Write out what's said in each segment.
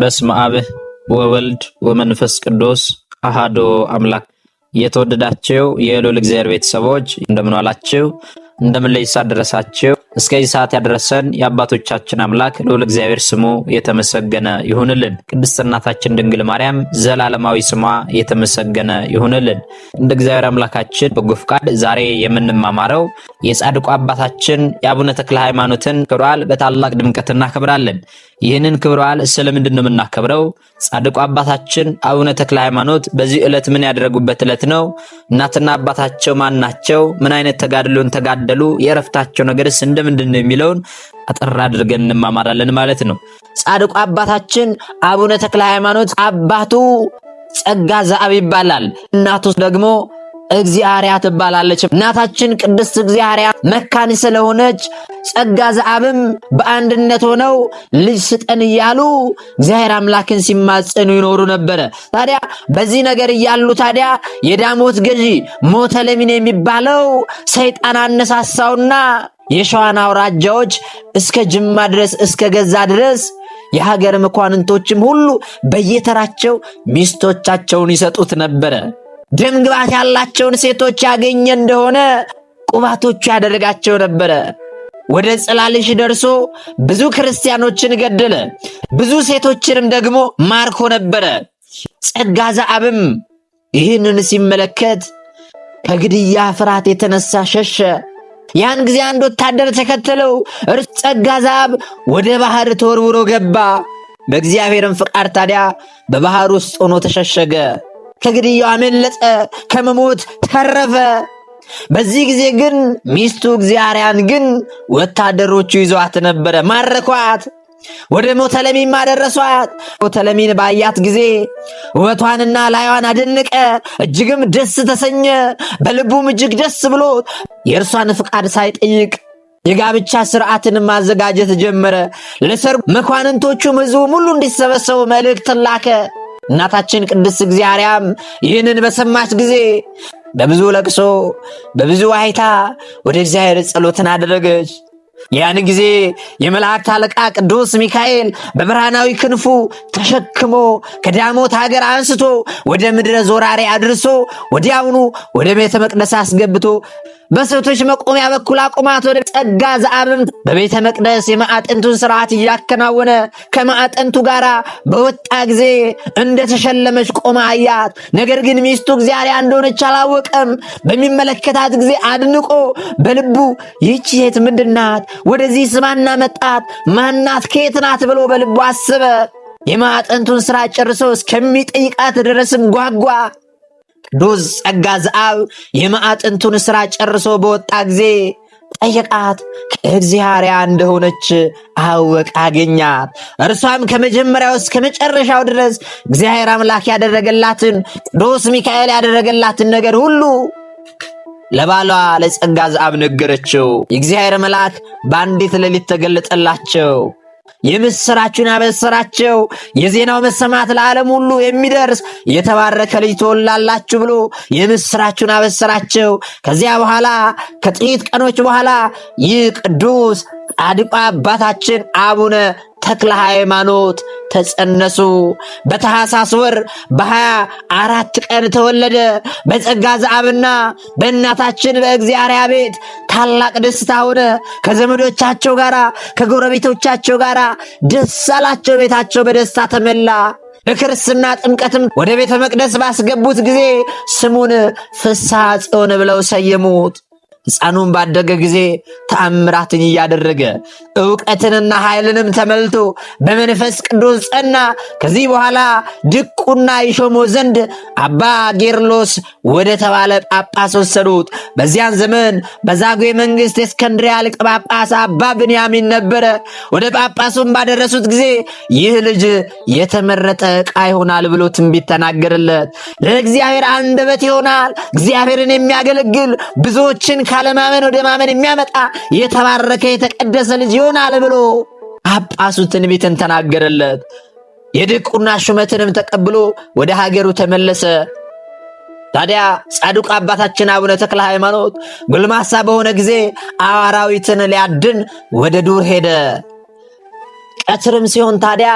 በስመ አብ ወወልድ ወመንፈስ ቅዱስ አሃዶ አምላክ። የተወደዳችሁ የልዑል እግዚአብሔር ቤተሰቦች እንደምን ዋላችሁ? እንደምን ለዚህ ሰዓት እስከዚህ ሰዓት ያደረሰን የአባቶቻችን አምላክ ልዑል እግዚአብሔር ስሙ የተመሰገነ ይሁንልን። ቅድስት እናታችን ድንግል ማርያም ዘላለማዊ ስሟ የተመሰገነ ይሁንልን። እንደ እግዚአብሔር አምላካችን በጎ ፍቃድ ዛሬ የምንማማረው የጻድቁ አባታችን የአቡነ ተክለ ሃይማኖትን ክብረ በዓል በታላቅ ድምቀት እናከብራለን። ይህንን ክብረ በዓል ስለምንድን ነው የምናከብረው? ጻድቁ አባታችን አቡነ ተክለ ሃይማኖት በዚህ ዕለት ምን ያደረጉበት ዕለት ነው? እናትና አባታቸው ማን ናቸው? ምን አይነት ተጋድሎን ተጋደሉ? የእረፍታቸው ነገርስ እንደምንድን ነው የሚለውን አጠር አድርገን እንማማራለን ማለት ነው። ጻድቁ አባታችን አቡነ ተክለ ሃይማኖት አባቱ ጸጋ ዘአብ ይባላል። እናቱ ደግሞ እግዚአብሔር ትባላለች። እናታችን ቅድስት እግዚአብሔር መካን ስለሆነች ጸጋ ዘአብም በአንድነት ሆነው ልጅ ስጠን እያሉ እግዚአብሔር አምላክን ሲማጸኑ ይኖሩ ነበረ። ታዲያ በዚህ ነገር እያሉ ታዲያ የዳሞት ገዢ ሞተ ለሚን የሚባለው ሰይጣን አነሳሳውና የሸዋን አውራጃዎች እስከ ጅማ ድረስ እስከ ገዛ ድረስ የሀገር መኳንንቶችም ሁሉ በየተራቸው ሚስቶቻቸውን ይሰጡት ነበረ። ደም ግባት ያላቸውን ሴቶች ያገኘ እንደሆነ ቁባቶቹ ያደረጋቸው ነበረ። ወደ ጽላልሽ ደርሶ ብዙ ክርስቲያኖችን ገደለ፣ ብዙ ሴቶችንም ደግሞ ማርኮ ነበረ። ጸጋ ዘአብም ይህንን ሲመለከት ከግድያ ፍርሃት የተነሳ ሸሸ። ያን ጊዜ አንድ ወታደር ተከተለው። እርሱ ጸጋ ዘአብ ወደ ባህር ተወርውሮ ገባ። በእግዚአብሔርም ፍቃድ ታዲያ በባህር ውስጥ ሆኖ ተሸሸገ። ከግድያ አመለጠ፣ ከመሞት ተረፈ። በዚህ ጊዜ ግን ሚስቱ እግዚአርያን ግን ወታደሮቹ ይዟት ነበረ፣ ማረኳት፣ ወደ ሞተለሚም ማደረሷት። ሞተለሚን ባያት ጊዜ ውበቷንና ላይዋን አደነቀ፣ እጅግም ደስ ተሰኘ። በልቡም እጅግ ደስ ብሎ የእርሷን ፍቃድ ሳይጠይቅ የጋብቻ ስርዓትን ማዘጋጀት ጀመረ። ለሰርጉ መኳንንቶቹም ሕዝቡ ሁሉ እንዲሰበሰቡ መልእክትን ላከ። እናታችን ቅድስት እግዚአርያም ይህንን በሰማች ጊዜ በብዙ ለቅሶ በብዙ ዋይታ ወደ እግዚአብሔር ጸሎትን አደረገች። ያን ጊዜ የመላእክት አለቃ ቅዱስ ሚካኤል በብርሃናዊ ክንፉ ተሸክሞ ከዳሞት ሀገር አንስቶ ወደ ምድረ ዞራሬ አድርሶ ወዲያውኑ ወደ ቤተ መቅደስ አስገብቶ በሴቶች መቆሚያ በኩል አቁማት ወደ ጸጋ ዘአብምት በቤተ መቅደስ የማዕጠንቱን ስርዓት እያከናወነ ከማዕጠንቱ ጋር በወጣ ጊዜ እንደተሸለመች ቆማ አያት። ነገር ግን ሚስቱ እግዚአብሔር እንደሆነች አላወቀም። በሚመለከታት ጊዜ አድንቆ በልቡ ይህች ሴት ምንድናት? ወደዚህ ስማና መጣት ማናት? ከየት ናት? ብሎ በልቡ አስበ። የማዕጠንቱን ስራ ጨርሶ እስከሚጠይቃት ድረስም ጓጓ። ቅዱስ ጸጋ ዘአብ የማዕጥንቱን ሥራ ጨርሶ በወጣ ጊዜ ጠየቃት። ከእግዚአብሔር እንደሆነች አወቅ አገኛት። እርሷም ከመጀመሪያው እስከ መጨረሻው ድረስ እግዚአብሔር አምላክ ያደረገላትን ቅዱስ ሚካኤል ያደረገላትን ነገር ሁሉ ለባሏ ለጸጋ ዘአብ ነገረችው። የእግዚአብሔር መልአክ በአንዲት ሌሊት ተገለጠላቸው። የምስራችሁን ያበሰራቸው የዜናው መሰማት ለዓለም ሁሉ የሚደርስ የተባረከ ልጅ ተወላላችሁ ብሎ የምስራችሁን አበሰራቸው። ከዚያ በኋላ ከጥቂት ቀኖች በኋላ ይህ ቅዱስ ጻድቁ አባታችን አቡነ ተክለ ሃይማኖት ተጸነሱ። በታኅሳስ ወር በሀያ አራት ቀን ተወለደ። በጸጋ ዘአብና በእናታችን በእግዚአብሔር ቤት ታላቅ ደስታ ሆነ። ከዘመዶቻቸው ጋር ከጎረቤቶቻቸው ጋር ደስ አላቸው። ቤታቸው በደስታ ተመላ። በክርስትና ጥምቀትም ወደ ቤተ መቅደስ ባስገቡት ጊዜ ስሙን ፍስሐ ጽዮን ብለው ሰየሙት። ሕፃኑም ባደገ ጊዜ ተአምራትን እያደረገ እውቀትንና ኃይልንም ተመልቶ በመንፈስ ቅዱስ ጸና። ከዚህ በኋላ ድቁና ይሾሞ ዘንድ አባ ጌርሎስ ወደ ተባለ ጳጳስ ወሰዱት። በዚያን ዘመን በዛጉዌ መንግሥት የእስከንድሪያ ሊቀ ጳጳስ አባ ብንያሚን ነበረ። ወደ ጳጳሱን ባደረሱት ጊዜ ይህ ልጅ የተመረጠ ዕቃ ይሆናል ብሎ ትንቢት ተናገረለት። ለእግዚአብሔር አንደበት ይሆናል፣ እግዚአብሔርን የሚያገለግል ብዙዎችን ካለማመን ወደ ማመን የሚያመጣ የተባረከ የተቀደሰ ልጅ ይሆናል ብሎ ጳጳሱ ትንቢትን ተናገረለት። የድቁና ሹመትንም ተቀብሎ ወደ ሀገሩ ተመለሰ። ታዲያ ጻድቁ አባታችን አቡነ ተክለ ሃይማኖት ጎልማሳ በሆነ ጊዜ አራዊትን ሊያድን ወደ ዱር ሄደ። ቀትርም ሲሆን ታዲያ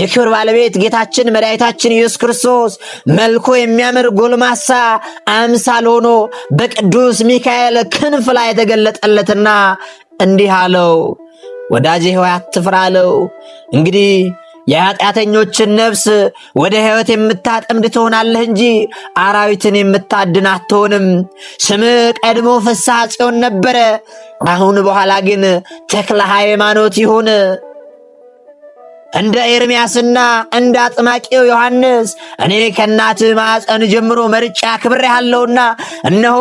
የክብር ባለቤት ጌታችን መድኃኒታችን ኢየሱስ ክርስቶስ መልኮ የሚያምር ጎልማሳ አምሳል ሆኖ በቅዱስ ሚካኤል ክንፍ ላይ የተገለጠለትና እንዲህ አለው፣ ወዳጄ ሆይ አትፍራ አለው። እንግዲህ የኃጢአተኞችን ነፍስ ወደ ሕይወት የምታጠምድ ትሆናለህ እንጂ አራዊትን የምታድን አትሆንም። ስምህ ቀድሞ ፍስሐ ጽዮን ነበረ፣ አሁን በኋላ ግን ተክለ ሃይማኖት ይሁን። እንደ ኤርምያስና እንደ አጥማቂው ዮሐንስ እኔ ከእናት ማፀን ጀምሮ መርጫ ክብር ያለውና እነሆ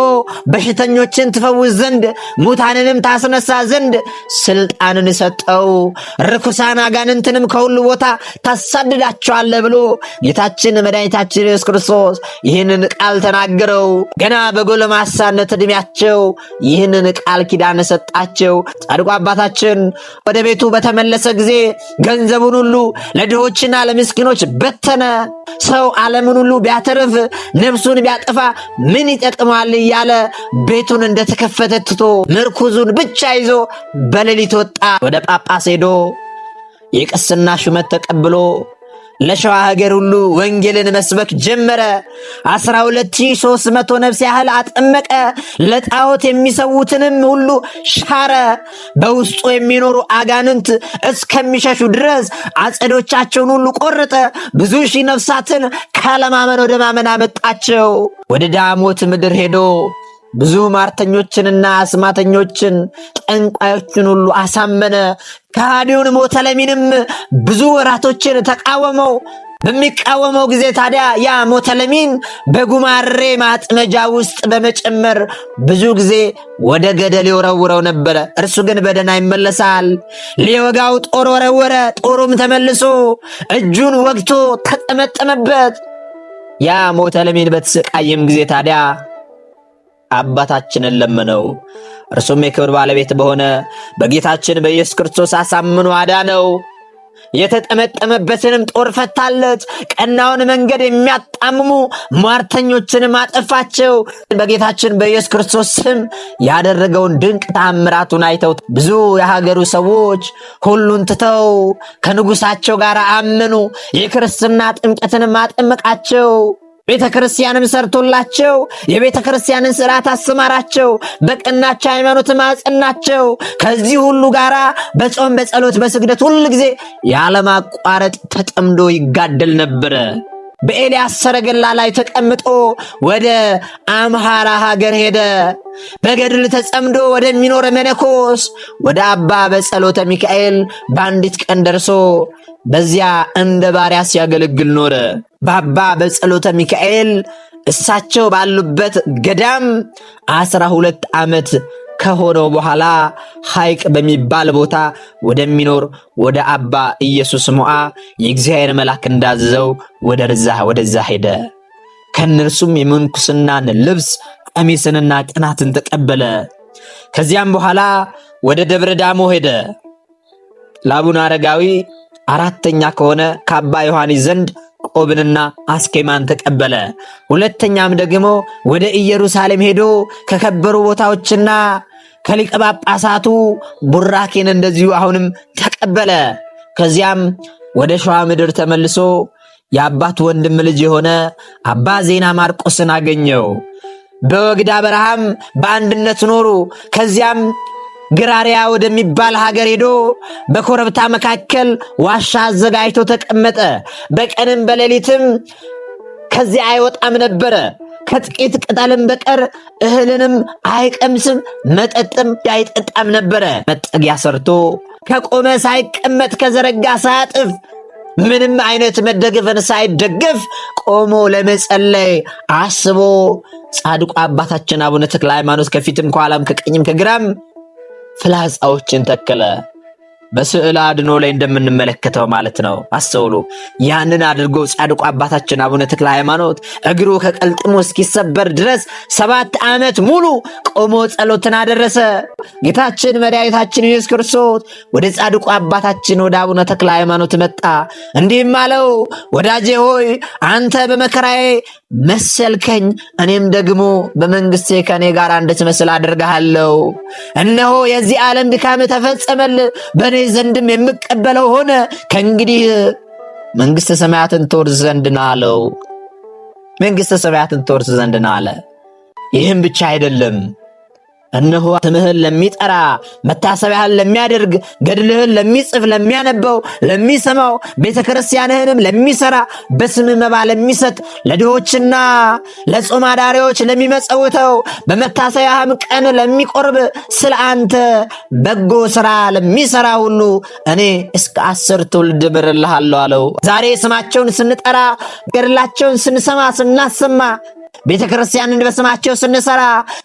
በሽተኞችን ትፈውስ ዘንድ ሙታንንም ታስነሳ ዘንድ ስልጣንን ሰጠው፣ ርኩሳን አጋንንትንም ከሁሉ ቦታ ታሳድዳቸዋለ ብሎ ጌታችን መድኃኒታችን ኢየሱስ ክርስቶስ ይህንን ቃል ተናገረው። ገና በጎለማሳነት ዕድሜያቸው ይህንን ቃል ኪዳን ሰጣቸው። ጻድቁ አባታችን ወደ ቤቱ በተመለሰ ጊዜ ገንዘቡን ሁሉ ለድሆችና ለምስኪኖች በተነ። ሰው ዓለምን ሁሉ ቢያተርፍ ነፍሱን ቢያጠፋ ምን ይጠቅማል እያለ ቤቱን እንደተከፈተ ትቶ ምርኩዙን ብቻ ይዞ በሌሊት ወጣ። ወደ ጳጳስ ሄዶ የቅስና ሹመት ተቀብሎ ለሸዋ ሀገር ሁሉ ወንጌልን መስበክ ጀመረ። አስራ ሁለት ሺህ ሦስት መቶ ነፍስ ያህል አጠመቀ። ለጣዖት የሚሰዉትንም ሁሉ ሻረ። በውስጡ የሚኖሩ አጋንንት እስከሚሸሹ ድረስ አጸዶቻቸውን ሁሉ ቆረጠ። ብዙ ሺህ ነፍሳትን ካለማመን ወደ ማመን አመጣቸው። ወደ ዳሞት ምድር ሄዶ ብዙ ማርተኞችንና አስማተኞችን ጠንቋዮችን ሁሉ አሳመነ። ከሃዲውን ሞተለሚንም ብዙ ወራቶችን ተቃወመው። በሚቃወመው ጊዜ ታዲያ ያ ሞተለሚን በጉማሬ ማጥመጃ ውስጥ በመጨመር ብዙ ጊዜ ወደ ገደል ይወረውረው ነበረ። እርሱ ግን በደና ይመለሳል። ሊወጋው ጦር ወረወረ። ጦሩም ተመልሶ እጁን ወግቶ ተጠመጠመበት። ያ ሞተለሚን በተሰቃየም ጊዜ ታዲያ አባታችንን ለመነው። እርሱም የክብር ባለቤት በሆነ በጌታችን በኢየሱስ ክርስቶስ አሳምኖ አዳነው። የተጠመጠመበትንም ጦር ፈታለት። ቀናውን መንገድ የሚያጣምሙ ሟርተኞችንም አጠፋቸው። በጌታችን በኢየሱስ ክርስቶስ ስም ያደረገውን ድንቅ ታምራቱን አይተው ብዙ የሀገሩ ሰዎች ሁሉን ትተው ከንጉሳቸው ጋር አመኑ። የክርስትና ጥምቀትንም አጠመቃቸው። ቤተ ክርስቲያንም ሰርቶላቸው የቤተ ክርስቲያንን ስርዓት አሰማራቸው፣ በቀናች ሃይማኖት ማጽናቸው። ከዚህ ሁሉ ጋር በጾም በጸሎት በስግደት ሁል ጊዜ ያለማቋረጥ ተጠምዶ ይጋደል ነበረ። በኤልያስ ሰረገላ ላይ ተቀምጦ ወደ አምሃራ ሀገር ሄደ። በገድል ተጸምዶ ወደሚኖረ መነኮስ ወደ አባ በጸሎተ ሚካኤል በአንዲት ቀን ደርሶ በዚያ እንደ ባሪያ ሲያገለግል ኖረ። በአባ በጸሎተ ሚካኤል እሳቸው ባሉበት ገዳም አስራ ሁለት ዓመት ከሆነው በኋላ ሐይቅ በሚባል ቦታ ወደሚኖር ወደ አባ ኢየሱስ ሞዓ የእግዚአብሔር መልአክ እንዳዘዘው ወደ ወደዛ ሄደ። ከእነርሱም የምንኩስናን ልብስ ቀሚስንና ቅናትን ተቀበለ። ከዚያም በኋላ ወደ ደብረ ዳሞ ሄደ። ለአቡነ አረጋዊ አራተኛ ከሆነ ከአባ ዮሐንስ ዘንድ ቆብንና አስኬማን ተቀበለ። ሁለተኛም ደግሞ ወደ ኢየሩሳሌም ሄዶ ከከበሩ ቦታዎችና ከሊቀ ጳጳሳቱ ቡራኬን እንደዚሁ አሁንም ተቀበለ። ከዚያም ወደ ሸዋ ምድር ተመልሶ የአባቱ ወንድም ልጅ የሆነ አባ ዜና ማርቆስን አገኘው። በወግዳ በረሃም በአንድነት ኖሩ። ከዚያም ግራሪያ ወደሚባል ሀገር ሄዶ በኮረብታ መካከል ዋሻ አዘጋጅቶ ተቀመጠ። በቀንም በሌሊትም ከዚያ አይወጣም ነበረ። ከጥቂት ቅጠልም በቀር እህልንም አይቀምስም፣ መጠጥም አይጠጣም ነበረ። መጠጊያ ሰርቶ ከቆመ ሳይቀመጥ ከዘረጋ ሳያጥፍ ምንም አይነት መደገፍን ሳይደገፍ ቆሞ ለመጸለይ አስቦ ጻድቁ አባታችን አቡነ ተክለ ሃይማኖት ከፊትም ከኋላም ከቀኝም ከግራም ፍላጻዎችን ተከለ። በስዕል አድኖ ላይ እንደምንመለከተው ማለት ነው። አስተውሉ። ያንን አድርጎ ጻድቁ አባታችን አቡነ ተክለ ሃይማኖት እግሩ ከቀልጥሞ እስኪሰበር ድረስ ሰባት ዓመት ሙሉ ቆሞ ጸሎትን አደረሰ። ጌታችን መድኃኒታችን ኢየሱስ ክርስቶስ ወደ ጻድቁ አባታችን ወደ አቡነ ተክለ ሃይማኖት መጣ፣ እንዲህም አለው፦ ወዳጄ ሆይ አንተ በመከራዬ መሰልከኝ እኔም ደግሞ በመንግሥቴ ከእኔ ጋር እንድትመስል አድርግሃለሁ። እነሆ የዚህ ዓለም ድካም ተፈጸመል፣ በእኔ ዘንድም የምቀበለው ሆነ። ከእንግዲህ መንግሥተ ሰማያትን ትወርስ ዘንድ ና አለው። መንግሥተ ሰማያትን ትወርስ ዘንድ ና አለ። ይህም ብቻ አይደለም እነሆ ስምህን ለሚጠራ መታሰቢያህን ለሚያደርግ ገድልህን ለሚጽፍ ለሚያነበው ለሚሰማው ቤተ ክርስቲያንህንም ለሚሰራ በስም መባ ለሚሰጥ ለድሆችና ለጾም አዳሪዎች ለሚመጸውተው በመታሰቢያህም ቀን ለሚቆርብ ስለ አንተ በጎ ስራ ለሚሰራ ሁሉ እኔ እስከ አስር ትውልድ ምርልሃለሁ አለው። ዛሬ ስማቸውን ስንጠራ ገድላቸውን ስንሰማ ስናሰማ ቤተ ክርስቲያንን በስማቸው ስንሰራ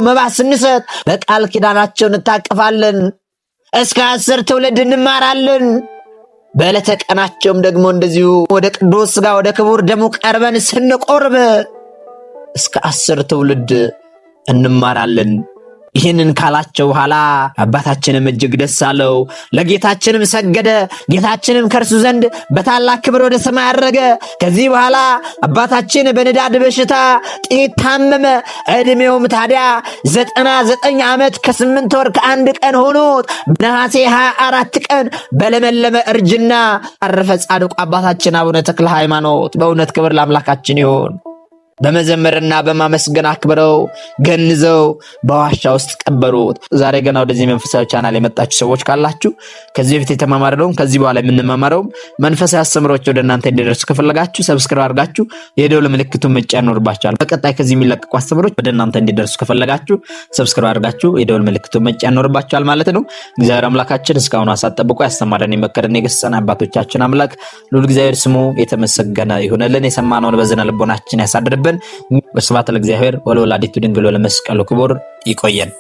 መባ ስንሰጥ በቃል ኪዳናቸው እንታቀፋለን። እስከ አስር ትውልድ እንማራለን። በዕለተ ቀናቸውም ደግሞ እንደዚሁ ወደ ቅዱስ ሥጋ ወደ ክቡር ደሙ ቀርበን ስንቆርብ እስከ አስር ትውልድ እንማራለን። ይህንን ካላቸው በኋላ አባታችንም እጅግ ደስ አለው፣ ለጌታችንም ሰገደ። ጌታችንም ከእርሱ ዘንድ በታላቅ ክብር ወደ ሰማይ አረገ። ከዚህ በኋላ አባታችን በንዳድ በሽታ ጥቂት ታመመ። ዕድሜውም ታዲያ ዘጠና ዘጠኝ ዓመት ከስምንት ወር ከአንድ ቀን ሆኖት ነሐሴ ሃያ አራት ቀን በለመለመ እርጅና አረፈ። ጻድቁ አባታችን አቡነ ተክለ ሃይማኖት። በእውነት ክብር ለአምላካችን ይሁን። በመዘመርና በማመስገን አክብረው ገንዘው በዋሻ ውስጥ ቀበሩት። ዛሬ ገና ወደዚህ መንፈሳዊ ቻናል የመጣችሁ ሰዎች ካላችሁ ከዚህ በፊት የተማማርነውም ከዚህ በኋላ የምንማማረውም መንፈሳዊ አስተምሮች ወደ እናንተ እንዲደርሱ ከፈለጋችሁ ሰብስክራይብ አድርጋችሁ የደውል ምልክቱን መጫን ይኖርባችኋል። በቀጣይ ከዚህ የሚለቀቁ አስተምሮች ወደ እናንተ እንዲደርሱ ከፈለጋችሁ ሰብስክራይብ አድርጋችሁ የደውል ምልክቱን መጫን ይኖርባችኋል ማለት ነው። እግዚአብሔር አምላካችን እስካሁን አሳጠብቆ ጠብቆ ያስተማረን የመከረን የገሰጸን አባቶቻችን አምላክ ልዑል እግዚአብሔር ስሙ የተመሰገነ ይሁንልን። የሰማነውን በዝነ ልቦናችን ያሳድርብን። ይክፈለን። ስብሐት ለእግዚአብሔር ወለወላዲቱ ድንግል ወለመስቀሉ ክቡር። ይቆየን።